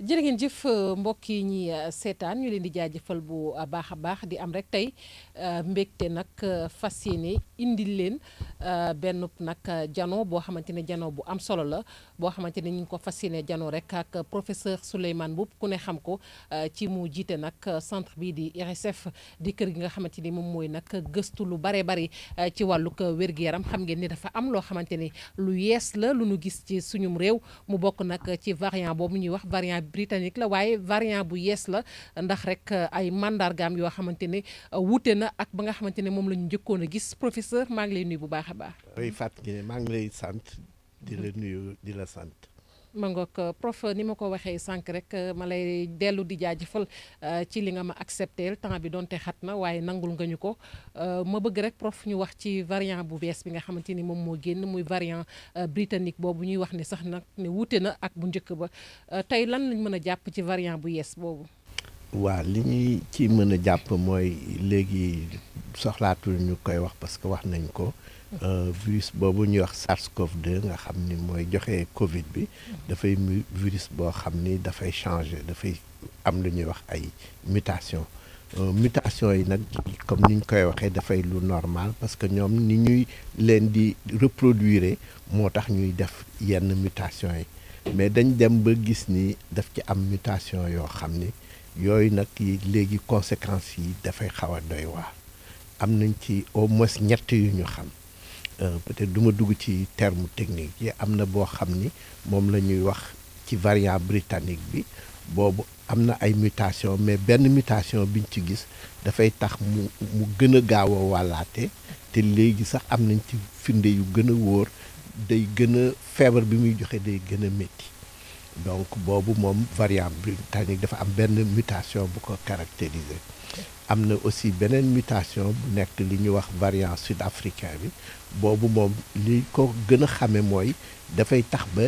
jërë ngeen jëf euh, mbokk yi ñi euh, seetaan ñu leen di jaajëfal bu euh, baax a baax di am rek tey mbégte nag fas yéene indil leen benn nag jano boo xamante ne jano bu am solo la boo xamante ne ñu ko fas yéene jano rek ak professeur Souleymane Mboup ku ne xam ko ci mu jiite nag centre bii di IRSF di kër gi nga xamante ni moom mooy nag gëstu lu bare bari ci wàllug wér-gu-yaram xam ngeen ni dafa am loo xamante ni lu yees la lu nu gis ci suñum réew mu bokk nag ci variant boobu ñuy wax variant britannique la waaye variant bu yees la ndax rek euh, ay mandargaam yoo xamante ne euh, wuute na ak ba nga xamante ne moom la ñu njëkkoon a gis professeur maa ngi lay nuyu bu baax a baax. maa ngi lay sant di la nuyu di la sant. ma ngoog euh, prof ni ma ko waxee sànq rek euh, ma lay dellu di jaajëfal euh, ci li nga ma accepté temps bi donte xat na waaye nangul nga ñu ko ma bëgg rek prof ñu wax ci variant bu bees bi nga xamante ni moom moo génn muy variant britannique boobu ñuy wax ni sax nag ne wuute na ak bu njëkk ba tey lan lañ mën a jàpp ci variant bu yees boobu. waaw li ñuy ci mën a jàpp mooy léegi soxlaatul ñu koy wax parce que wax nañ ko. Euh, virus boobu ñuy wax sars cov nga xam ni mooy joxe Covid bi dafay virus boo xam ni dafay changer dafay am lu ñuy wax ay mutation euh, mutation yi nag comme ni ñu koy waxee dafay lu normal parce que ñoom ni ñuy leen di reproduire moo tax ñuy def yenn mutation yi mais dañ dem ba gis ni daf ci am mutation yoo xam ni yooyu nag léegi conséquences yi dafay xaw a doy waar am nañ ci au moins ñett yu ñu xam Euh, peut-être du dugg ci terme technique yi am na boo xam ni moom la ñuy wax ci variant britannique bi boobu am na ay mutation mais benn mutation biñ ci gis dafay tax mu mu gën a gaaw wàllaate te léegi sax am nañ ci firnde yu gën a wóor day gën a feebar bi muy joxe day gën a métti donc boobu moom variant britannique dafa am benn mutation bu ko caractériser am na aussi beneen mutation bu nekk li ñuy wax variant sud africain bi boobu moom li ko gën a xame mooy dafay tax ba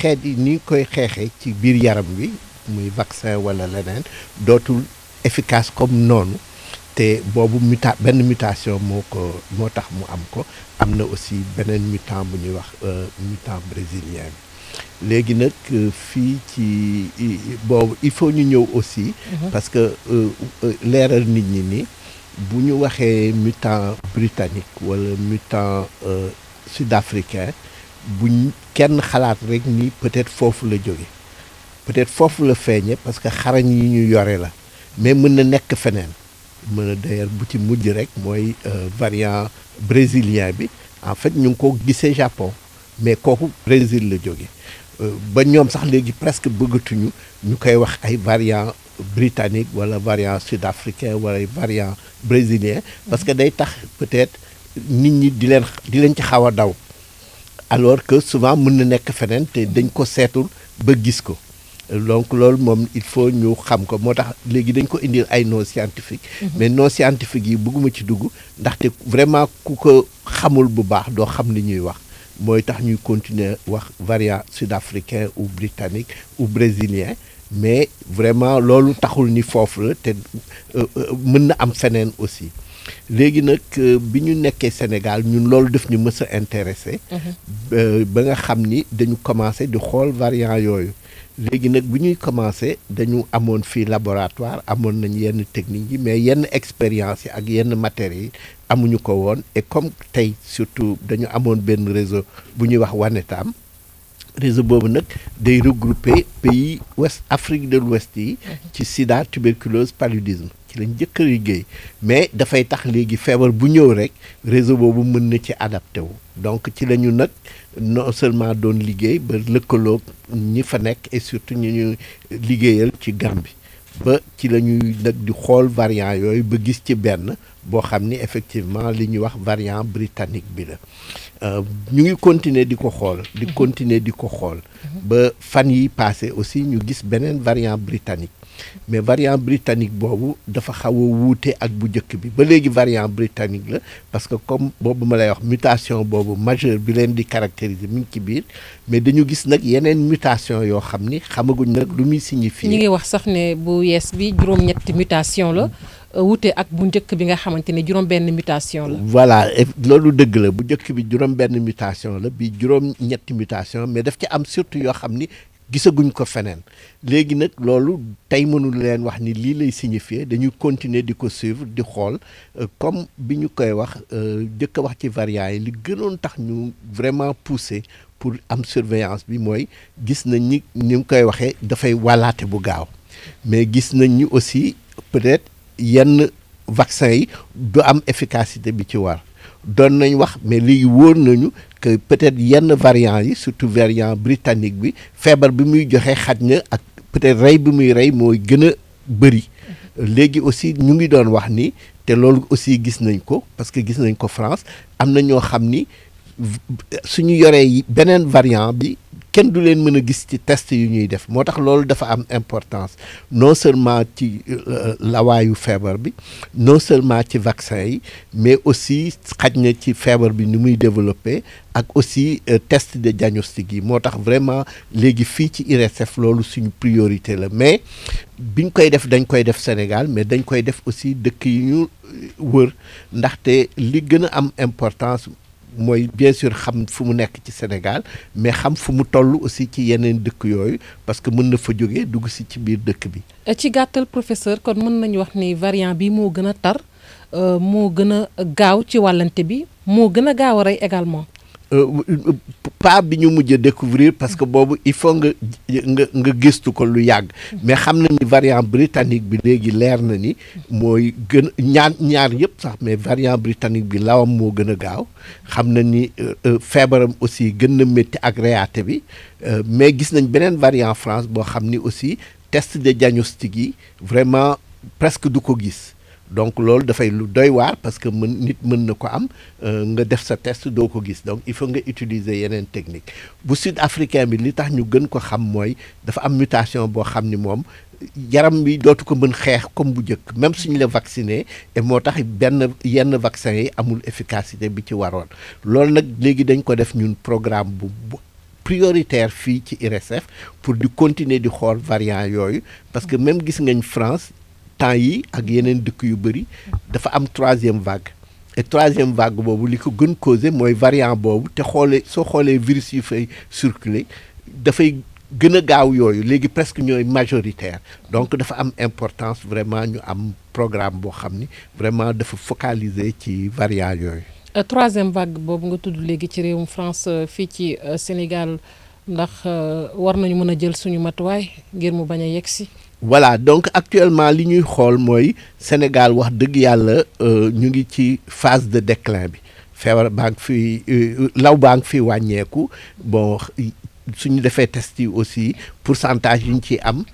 xeet yi ni koy xeexee ci biir yaram wi muy vaccin wala leneen dootul efficace comme noonu te boobu muta benn mutation moo ko moo tax mu am ko am na aussi beneen mutant bu ñuy wax euh, mutant brésilien bi léegi nag euh, fii ci boobu il faut ñu ñëw aussi. Mhm. parce que euh, euh, leeral nit ñi ni bu ñu waxee mutant britannique wala mutant sud-africain buñ kenn xalaat rek ni peut-être foofu la jóge peut-être foofu la feeñe parce que xarañ yi ñu yore la mais mën na nekk feneen mën a d'ailleurs bu ci mujj rek mooy variant brésilien bi en fait ñu ngi ko gisee Japon mais kooku Brésil la jóge ba ñoom sax léegi presque bëggatuñu ñu koy wax ay variant britannique wala variant sud-africain wala variant brésilien parce que day tax peut-être nit ñi di leen di leen ci xaw a daw alors que souvent mun na nekk feneen te dañ ko seetul ba gis ko donc loolu moom il faut ñu xam ko moo tax léegi dañ ko indil ay non scientifique mhm. mais non scientifique yi bëgguma ci dugg ndaxte vraiment ku ko xamul bu baax doo xam li ñuy wax mooy tax ñuy continuer wax variant sud-africain ou britannique ou brésilien mais vraiment loolu taxul ni foofu la te euh, euh, mën na am feneen aussi léegi nag euh, bi ñu nekkee Sénégal ñun loolu def ñu mës a intéressé mhm. ba nga xam ni dañu commencé di xool variant yooyu léegi nag bu ñuy commencé dañu amoon fii laboratoire amoon nañu yenn technique yi mais yenn expérience yi ak yenn matériels yi amuñu ko woon et comme tey surtout dañu amoon benn réseau bu ñuy wax Wanetaam réseau boobu nag day regrouper pays ouest Afrique de l'Ouest yi mhm. ci sida tuberculose paludisme ci jëkk liggéey mais dafay tax léegi feebar bu ñëw rek réseau boobu mën na ci adapté wu donc ci la ñu nag non seulement doon liggéey ba lëkkaloog ñi fa nekk et surtout ñu ñu liggéeyal ci Gambie ba ci la ñuy nag di xool variant yooyu ba gis ci benn boo xam ni effectivement li ñuy wax variant britannique bi la euh, ñu ngi continuer di ko xool di mhm. continuer di ko xool mhm. ba fan yi passé aussi ñu gis beneen variant britannique mais variant britannique boobu dafa xaw a wuute ak bu njëkk bi ba léegi variant britannique la parce que comme boobu ma lay wax mutation boobu majeure bi leen di caractériser mi ngi ci biir mais dañu gis nag yeneen mutation yoo xam ni xamaguñ nag lu muy signifier. ñu ngi wax sax ne bu yees bi juróom-ñetti mutation la. Mm-hmm. Euh, wute ak bu njëkk bi nga xamante ni juróom benn mutation la. voilà loolu dëgg la bu njëkk bi juróom benn mutation la bi juróom ñetti mutation mais daf ci am surtout yoo xam ni gisaguñ ko feneen léegi nag loolu tey mënul leen wax ni lii lay signifier dañuy continuer di ko suivre di xool euh, comme bi ñu koy wax euh, jëkk a wax ci variant yi li gënoon tax ñu vraiment pousser pour am surveillance bi mooy gis nañ ni ni mu koy waxee dafay wallaate bu gaaw mais gis nañ ni aussi peut-être yenn vaccin yi du am efficacité bi ci war doon nañ wax mais léegi wóor nañu que peut-être yenn variant yi surtout variant britannique bi feebar bi muy joxe xaj na ak peut-être rey bi muy rey mooy gën a bëri léegi aussi ñu ngi doon wax ni te loolu aussi gis nañ ko parce que gis nañ ko France am na ñoo xam ni suñu yoree beneen variant bi kenn du leen mën a gis ci test yu ñuy def moo tax loolu dafa am importance non seulement ci euh, lawaayu feebar bi non seulement ci vaccin yi mais aussi xaj na ci feebar bi ni muy développé ak aussi euh, test de diagnostic yi moo tax vraiment léegi fii ci IRESSEF loolu suñu priorité la mais biñ koy def dañ koy def Sénégal mais dañ koy def aussi dëkk yu ñu euh, wër ndaxte li gën a am importance mooy bien sûr xam fu mu nekk ci Sénégal mais xam fu mu toll aussi ci yeneen dëkk yooyu parce que mën na fa jóge dugg si ci biir dëkk bi. ci gàttal professeur kon mën nañu wax ni variant bi moo gën a tar euh, moo gën a gaaw ci wàllent bi moo gën a gaaw a rey également. Euh, euh, euh, pas bi ñu mujj a découvrir parce que boobu il faut nga nga nga gistu ko lu yàgg mais xam na ni variant britannique bi léegi leer na ni mooy gën ñaar ñaar yëpp sax mais variant britannique bi lawam moo gën a gaaw xam na ni feebaram aussi gën na métti ak reyaate bi mais gis nañ beneen variant France boo xam ni aussi test de diagnostic yi vraiment presque du ko gis donc loolu dafay lu doy waar parce que mën nit mën na ko am euh, nga def sa test doo ko gis donc il faut nga utiliser yeneen technique bu sud africain bi li tax ñu gën ko xam mooy dafa am mutation boo xam ni moom yaram bi dootu ko mën xeex comme bu njëkk même suñ la vacciné et moo tax benn yenn vaccin yi amul efficacité bi ci waroon loolu nag léegi dañ ko def ñun programme bu prioritaire fii ci IRSF pour di continuer di xool variant yooyu parce que même gis ngañ France temps yi ak yeneen dëkk yu bëri dafa am troisième vague troisième vague boobu li ko gën causé mooy variant boobu te xoolee soo xoolee virus yi fay surculer dafay gën a gaaw yooyu léegi presque ñooy majoritaire donc dafa am importance vraiment ñu am programme boo xam ni vraiment dafa focaliser ci variant yooyu euh, troisième vague boobu nga tudd léegi ci réewum France euh, fii ci euh, Sénégal ndax war nañu mën a jël suñu matuwaay ngir mu bañ a yegsi voilà donc actuellement li ñuy xool mooy Sénégal wax dëgg yàlla euh, ñu ngi ci phase de déclin bi feebar baa ngi fi euh, law baa ngi fi wàññeeku bon suñu defee test yi aussi pourcentage yi ñu ci am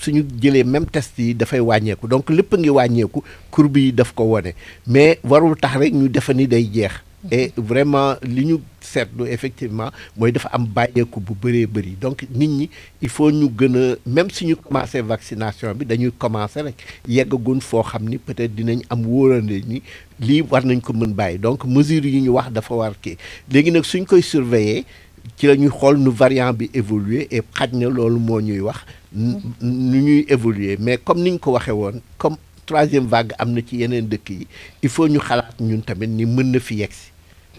suñu jëlee même test yi dafay wàññeeku donc lépp ngi wàññeeku courbe yi daf ko wone mais warul tax rek ñu defa ni day jeex et vraiment li ñu seetlu effectivement mooy dafa am bàyyeeku bu bëree bëri donc nit ñi il faut ñu gën a même si commencé vaccination bi dañuy commencé rek yeggagun foo xam ni peut-être dinañ am wóorande ni lii war nañ ko mën bàyyi donc mesure yi ñu wax dafa war kii léegi nag suñ koy surveiller ci la ñuy xool nu variant bi évoluer et xaj na loolu moo ñuy wax nu ñuy évoluer mais comme niñ ko waxee woon troisième vague am na ci yeneen dëkk yi il faut ñu xalaat ñun tamit ni mën na fi yegg si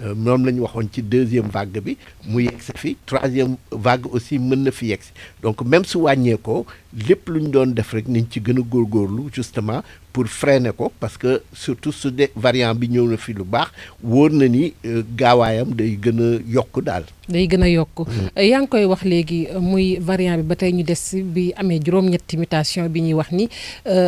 euh, moom la ñu waxoon ci deuxième vague bi mu yegg fi troisième vague aussi mën na fi yegg si donc même su wàññeekoo lépp lu ñu doon def rek niñ ci gën a góorgóorlu justement pour ne ko parce que surtout su de variant bi ñëw na fi lu baax wóor na ni euh, gaawaayam day gën a yokk daal. day gën a yokk mm. euh, yaa ngi koy wax léegi euh, muy variant bi ba tey ñu des bi amee juróom-ñetti mutation bi ñuy wax ni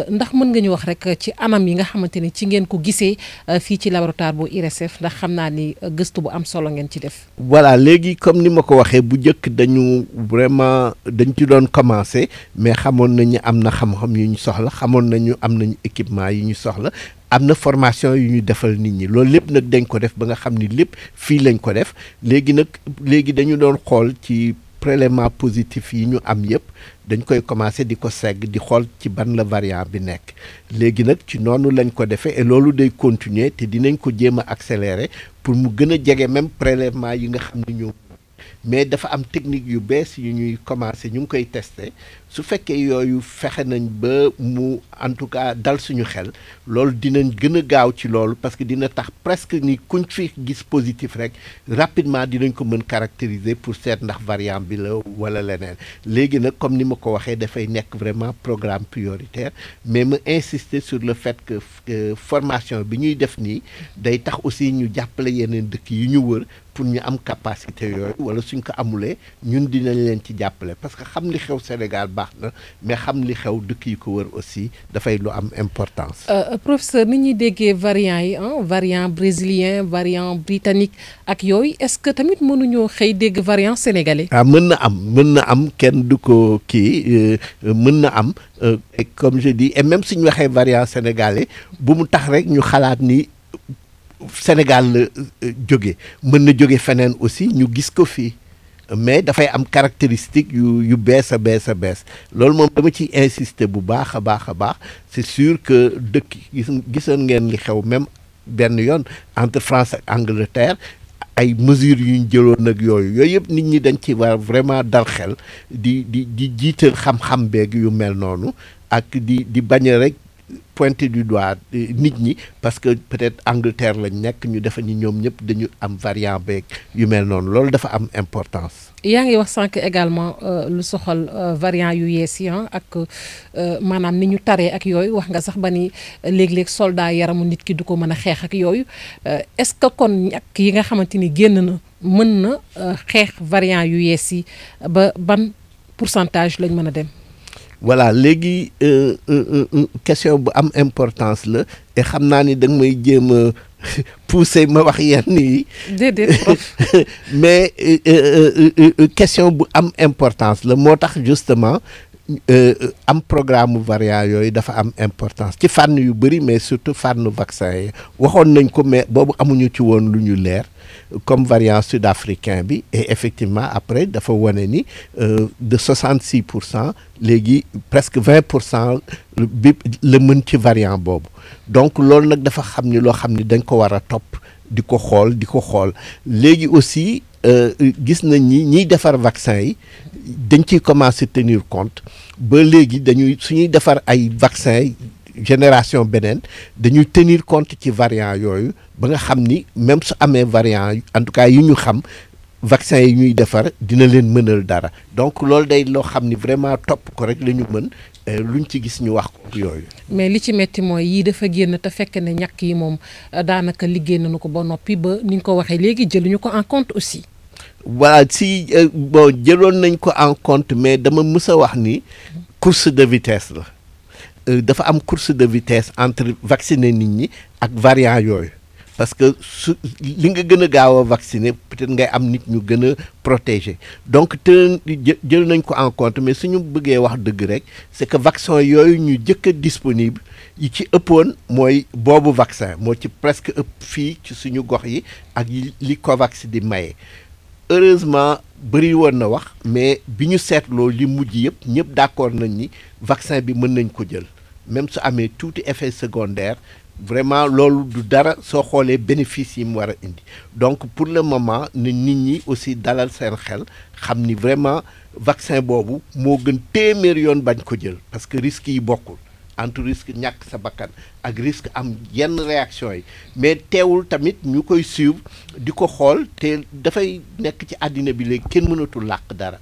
ndax mën nga ñu wax rek ci anam yi nga xamante ni ci ngeen ko gisee fii ci laboratoire bu IRESSEF ndax xam naa ni gëstu bu am solo ngeen ci def. voilà léegi comme ni ma ko waxee bu njëkk dañu vraiment dañu ci doon commencer mais xamoon nañu am na xam yu ñu soxla xamoon nañu am nañu. équipement yi ñu soxla am na formation yu ñu defal nit ñi loolu lépp nag dañ ko def ba nga xam ni lépp fii lañ ko def léegi nag léegi dañu doon xool ci prélèvement positif yi ñu am yëpp dañ koy commencé di ko segg di xool ci ban la variant bi nekk léegi nag ci noonu lañ ko defee loolu day continuer te dinañ ko jéem a accélérer pour mu gën a jege même prélèvement yi nga xam ni ñoo mais dafa am technique yu bees yu ñuy commencé ñu ngi koy testé su fekkee yooyu fexe nañ ba mu en tout cas dal suñu xel loolu dinañ gën a gaaw ci loolu parce que dina tax presque ni kuñ fi gis positif rek rapidement dinañ ko mën caractériser pour seet ndax variant bi la wala leneen léegi nag comme ni ma ko waxee dafay nekk vraiment programme prioritaire mais ma insister sur le fait que formation bi ñuy def nii day tax aussi ñu jàppale yeneen dëkk yi ñu wër pour ñu am capacité yooyu wala suñ ko amulee ñun dinañ leen ci jàppale parce que xam li xew Sénégal baax na mais xam li xew dëkk yi ko wër aussi dafay lu am importance. Euh, euh, professeur ni ñuy déggee variant yi ah variant brésilien variant britannique ak yooyu est-ce que tamit mënuñoo xëy dégg variant sénégalais. ah mën na am mën na am kenn du ko kii euh, mën na am comme je dis et même suñu waxee variant sénégalais bu mu tax rek ñu xalaat ni. Sénégal la jóge mën na jóge feneen aussi ñu gis ko fii mais dafay am caractéristique yu yu bees a bees a bees loolu moom dama ciy insisté bu baax a baax a baax c'est sûr que dëkk gis gisoon ngeen li xew même benn yoon entre France ak Angleterre ay mesures yu ñu jëloon ak yooyu yooyu yëpp nit ñi dañ ci war vraiment dal xel di di di jiital xam-xam beeg yu mel noonu ak di di bañ rek. pointé du doit euh, nit ñi parce que peut-être Angleterre lañ nekk ñu defa ni ñoom ñëpp dañu am variant beeg yu mel noonu loolu dafa am importance. yaa ngi wax sànq également euh, lu soxal euh, variant yu yees yi ah, ak maanaam ni ñu taree ak yooyu wax nga sax ba ni léeg-léeg soldat yaramu nit ki du ko mën a xeex ak yooyu est-ce que kon ñàkk yi nga xamante ni génn na mën na xeex variant yu yees yi ba ban pourcentage lañ mën a dem. voilà léegi euh, euh, euh, question bu am importance la et xam naa ni da may jéem a pousser ma wax yenn yi. déedéet mais question bu am importance la moo tax justement am programme varia yooyu dafa am importance ci fànn yu bëri mais surtout fànn vaccin yi waxoon nañ ko mais boobu amuñu ci woon lu ñu leer. comme variant sud-africain bi et effectivement après dafa wane ni euh, de 66 pour cent léegi presque 20 pour cent bi la mën ci variant boobu donc loolu nag dafa xam ni loo xam ni dañ ko war a topp di ko xool di ko xool léegi aussi euh, gis nañ ni ñiy defar vaccin yi dañ ciy commencer tenir compte ba léegi dañuy suñuy defar ay vaccin génération beneen dañuy tenir compte ci variant yooyu ba nga xam ni même su amee variant en tout cas yi ñu xam vaccin yi ñuy defar dina leen mënal dara donc loolu day loo xam ni vraiment topp ko rek lañu ñu lu euh, luñ ci gis ñu wax ko yooyu. mais li ci métti mooy yii dafa génn te fekk ne ñàkk yi moom euh, daanaka liggéey nañu ko ba noppi ba ni nga ko waxee léegi jëluñu ko en compte aussi. waa si euh, bon jëloon nañ ko en compte mais dama mës wax ni course de vitesse la. Euh, dafa am course de vitesse entre vacciner nit ñi ak variant yooyu parce que su li nga gën a gaaw a vacciner peut-être ngay am nit ñu gën a protégé donc te jël nañ ko en compte mais suñu bëggee wax dëgg rek c'est que vaccin yooyu ñu jëkk a disponible yi ci ëppoon mooy boobu vaccin moo ci presque ëpp fii ci suñu gox yi ak li COVAX di maye heureusement bëri woon na wax mais bi ñu seetloo li mujj yëpp ñëpp d'accord nañu ni vaccin bi mën nañ ko jël même su amee tuuti effet secondaire vraiment loolu du dara soo xoolee bénéfice yi mu war a indi donc pour le moment ne nit ñi aussi dalal seen xel xam ni vraiment vaccin boobu moo gën téeméer yoon bañ ko jël parce que risques yi bokkul entre risque ñàkk sa bakkan ak risque am yenn réaction yi mais teewul tamit ñu koy suivre di ko xool te dafay nekk ci àddina bi léegi kenn mënatul làkk dara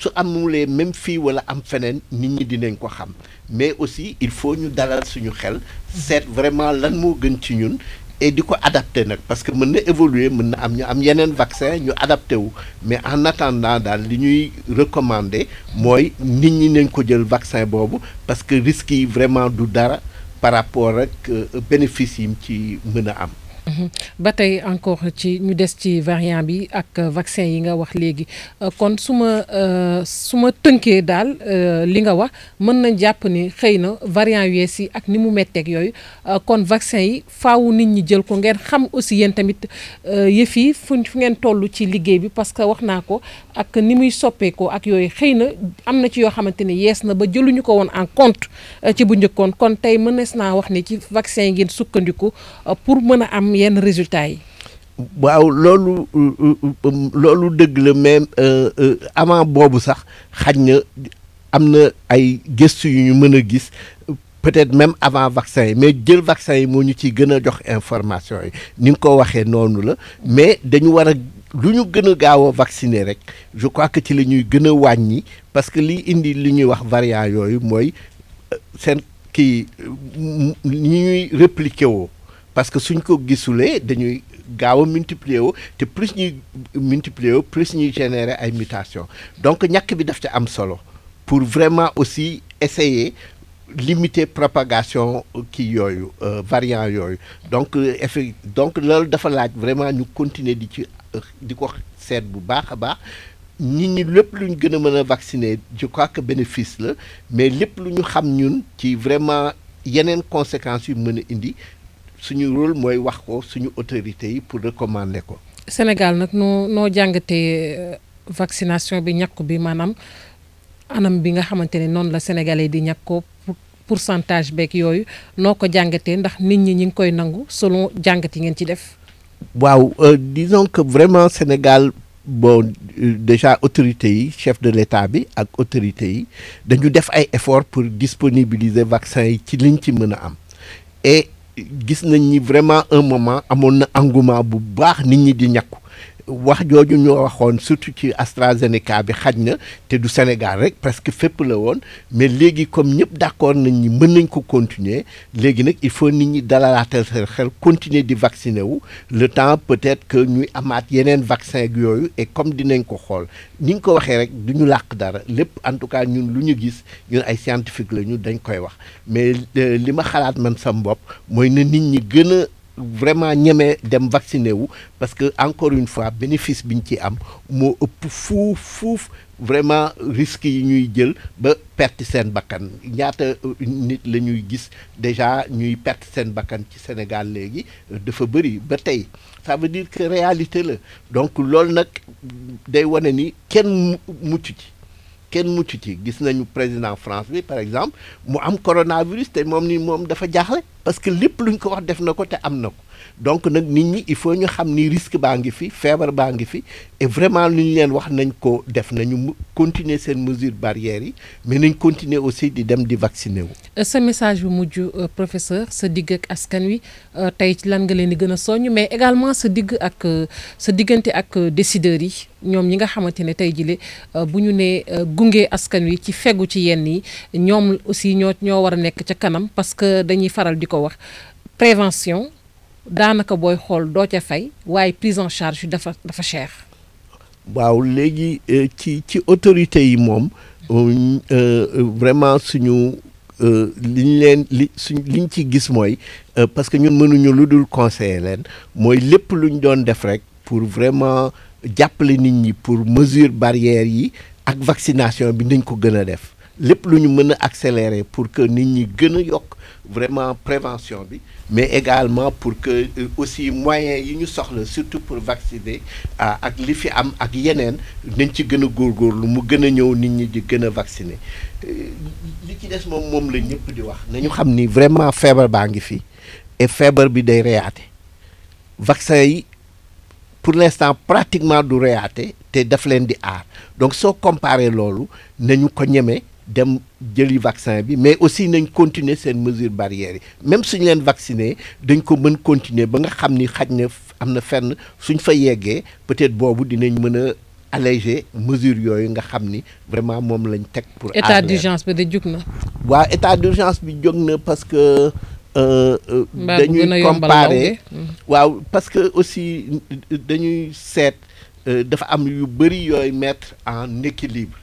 su amulee même fii walla am feneen nit ñi dinañ ko xam mais aussi il faut ñu dalal suñu xel seet vraiment lan moo gën ci ñun et di ko adapté nag parce que mën na évoluer mën na am ñu am yeneen vaccin ñu adapté wu mais en attendant daal li ñuy recommander mooy nit ñi nañ ko jël vaccin boobu parce que risques yi vraiment du dara par rapport ak euh, bénéfice yi ci mën a am Mhm. ba tey encore ci ñu des ci variant bi ak euh, vaccin yi nga wax léegi euh, kon su ma euh, su ma tënkee daal li nga wax mën nañ jàpp ni xëy na variant yu yi ak ni mu metteeg yooyu kon vaccin yi faw nit ñi jël ko ngeen xam aussi yéen tamit yëf yi fu fu ngeen toll ci liggéey bi parce que wax naa ko ak ni muy soppeekoo ak yooyu xëy na am na ci yoo xamante ni yees na ba jëluñu ko woon en compte ci bu njëkkoon kon tey mënees naa wax ni ci vaccin yi ngeen sukkandiku pour mën a yenn résultats yi. waaw loolu loolu dëgg la mais euh, avant boobu sax xaj na am na ay gëstu yu ñu mën a gis peut-être même avant vaccin yi mais jël vaccin yi moo ñu ciy gën a jox information yi ni nga ko waxee noonu la mais dañu war a lu ñu gën a gaaw a vacciner rek je crois que ci la ñuy gën a wàññi parce que liy indi li ñuy wax variant yooyu mooy euh, seen kii ñi ñuy répliquer woo. parce que suñ ko gisulee dañuy gaaw a multiplier te plus ñuy multiplier wu plus ñuy générer ay mutation donc ñàkk bi daf ca am solo pour vraiment aussi essayer limiter propagation kii yooyu euh, variant yooyu donc euh, effet donc loolu dafa laaj vraiment ñu continuer di ci euh, di ko seet bu baax a baax nit ñi lépp lu ñu gën a mën a vacciner je crois que bénéfice la mais lépp lu ñu xam ñun ci vraiment yeneen conséquences yu mën a indi suñu rôle mooy wax ko suñu autorités yi pour recommander ko. Sénégal nag noo noo jàngatee euh, vaccination bi ñàkku bi maanaam anam bi nga xamante ne noonu la sénégalais di ñàkkoo pourcentage beeg yooyu noo ko jàngatee ndax nit ñi ñi ngi koy nangu selon jàngat yi ngeen ci def. waaw euh, disons que vraiment Sénégal bon euh, déjà autorités yi chef de l'État bi ak autorités yi dañu def ay efforts pour disponibiliser vaccin yi ci liñ ci mën a am gis nañ ni vraiment un moment amoon na engouement bu baax nit ñi di ñàkku wax jooju ñoo waxoon surtout ci AstraZeneca bi xaj na te du Sénégal rek parce que fépp la woon mais léegi comme ñëpp d'accord nañ ñi mën nañ ko continuer léegi nag il faut nit ñi dalalaatal seen xel continuer di vacciner wu le temps peut-être que ñuy amaat yeneen vaccin yooyu et comme dinañ ko xool ni ñu ko waxee rek du ñu làq dara lépp en tout cas ñun lu ñu gis ñun ay scientifique la ñu dañ koy wax mais euh, li ma xalaat man sam bopp mooy na nit ñi gën vraiment ñemee dem vacciné wu parce que encore une fois bénéfice bi ñu ci am moo ëpp fuuf fuuf vraiment risques yi ñuy jël ba perte seen bakkan ñaata euh, nit la ñuy gis déjà ñuy perte seen bakkan ci Sénégal léegi euh, dafa bëri ba tey ça veut dire que réalité la donc loolu nag day wane ni kenn mucc ci kenn mucc ci gis nañu président France par exemple mu am coronavirus te moom ni moom dafa jaaxle parce que lépp ñu ko wax def na ko te am na ko donc nag nit ñi il faut ñu xam ni risque baa ngi fi feebar baa ngi fi et vraiment lu ñu leen wax nañ ko def nañu mu continuer seen mesure barrières yi mais nañ continuer aussi di dem di vacciner wu. Euh, sa message bu mujj euh, professeur sa digg askan wi euh, tey ci lan nga leen di gën a soññ mais également sa digg ak sa diggante ak décideurs yi ñoom ñi nga xamante ne tey jile bu ñu nee gunge askan wi ci fegu ci yenn yi ñoom aussi ñoo ñoo war a nekk ca kanam parce que dañuy faral di ko wax prévention. daanaka booy xool doo ca fay waaye prise en charge dafa dafa cher. waaw léegi euh, ci ci autorité yi moom euh, euh, vraiment suñu li ñu leen li suñ li ñu ci gis mooy parce que ñun mënuñu lu dul conseiller leen mooy lépp lu ñu doon def rek pour vraiment jàppale nit ñi pour mesure barrière yi ak vaccination bi nañ ko gën a def. lépp lu ñu mën a accélérer pour que nit ñi gën a yokk vraiment prévention bi mais également pour que euh, aussi moyens yi ñu soxla surtout pour vacciner ak li fi am ak yeneen nañ ci gën a góor góor lu mu gën a ñëw nit ñi di gën a vacciner euh, li ci des moom moom la ñëpp di wax nañu xam ni vraiment feebar baa ngi fi et feebar bi day reyaate vaccin yi pour l'instant pratiquement du reyaate te daf leen di aar donc soo comparé loolu nañu ko ñeme dem jëli vaccin bi mais aussi nañ continuer seen mesure barrières yi même suñ leen vacciner dañ ko mën continuer ba nga xam ni xaj na am na fenn suñ fa yeggee peut-être boobu dinañ mën a alléger mesure yooyu nga xam ni vraiment moom lañ teg pour état d'urgence bi da jóg na waaw état d'urgence bi jóg na parce que euh, euh, dañuy comparer waaw parce que aussi dañuy seet euh, dafa am yu bëri yooyu mettre en équilibre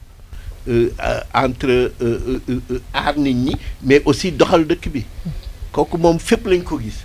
Euh, euh, entre euh, aar nit ñi mais aussi doxal dëkk bi kooku moom fépp lañ ko gis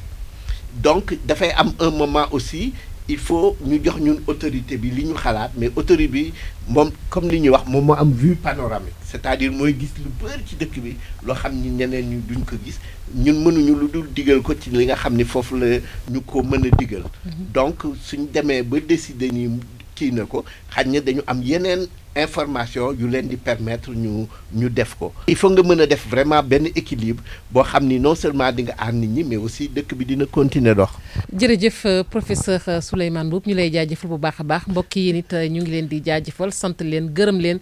donc dafay am un moment aussi il faut ñu jox ñun autorité bi li ñu xalaat mais autorité bi moom comme li ñuy wax moom moo am vue panoramique c'est-à-dire mooy gis lu bëri ci dëkk bi loo xam ni ñeneen ñu duñ ko gis ñun mënuñu lu dul digal ko ci li nga xam ni foofu la ñu ko mën a digal mhm. donc suñ demee ba décider ni kii na ko xaj na dañu am yeneen information yu leen di permettre ñu ñu def ko. il faut nga mën a def vraiment benn équilibre boo xam ni non seulement di nga aar nit ñi mais aussi dëkk bi dina continuer dox. jërëjëf euh, professeur euh, Souleymane Mboup ñu lay jaajëfal bu baax a baax mbokk yi nit euh, ñu ngi leen di jaajëfal sant leen gërëm leen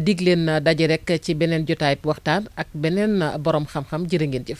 dig leen daje rek ci beneen jotaay waxtaan ak beneen borom xam-xam jërë ngeen jëf.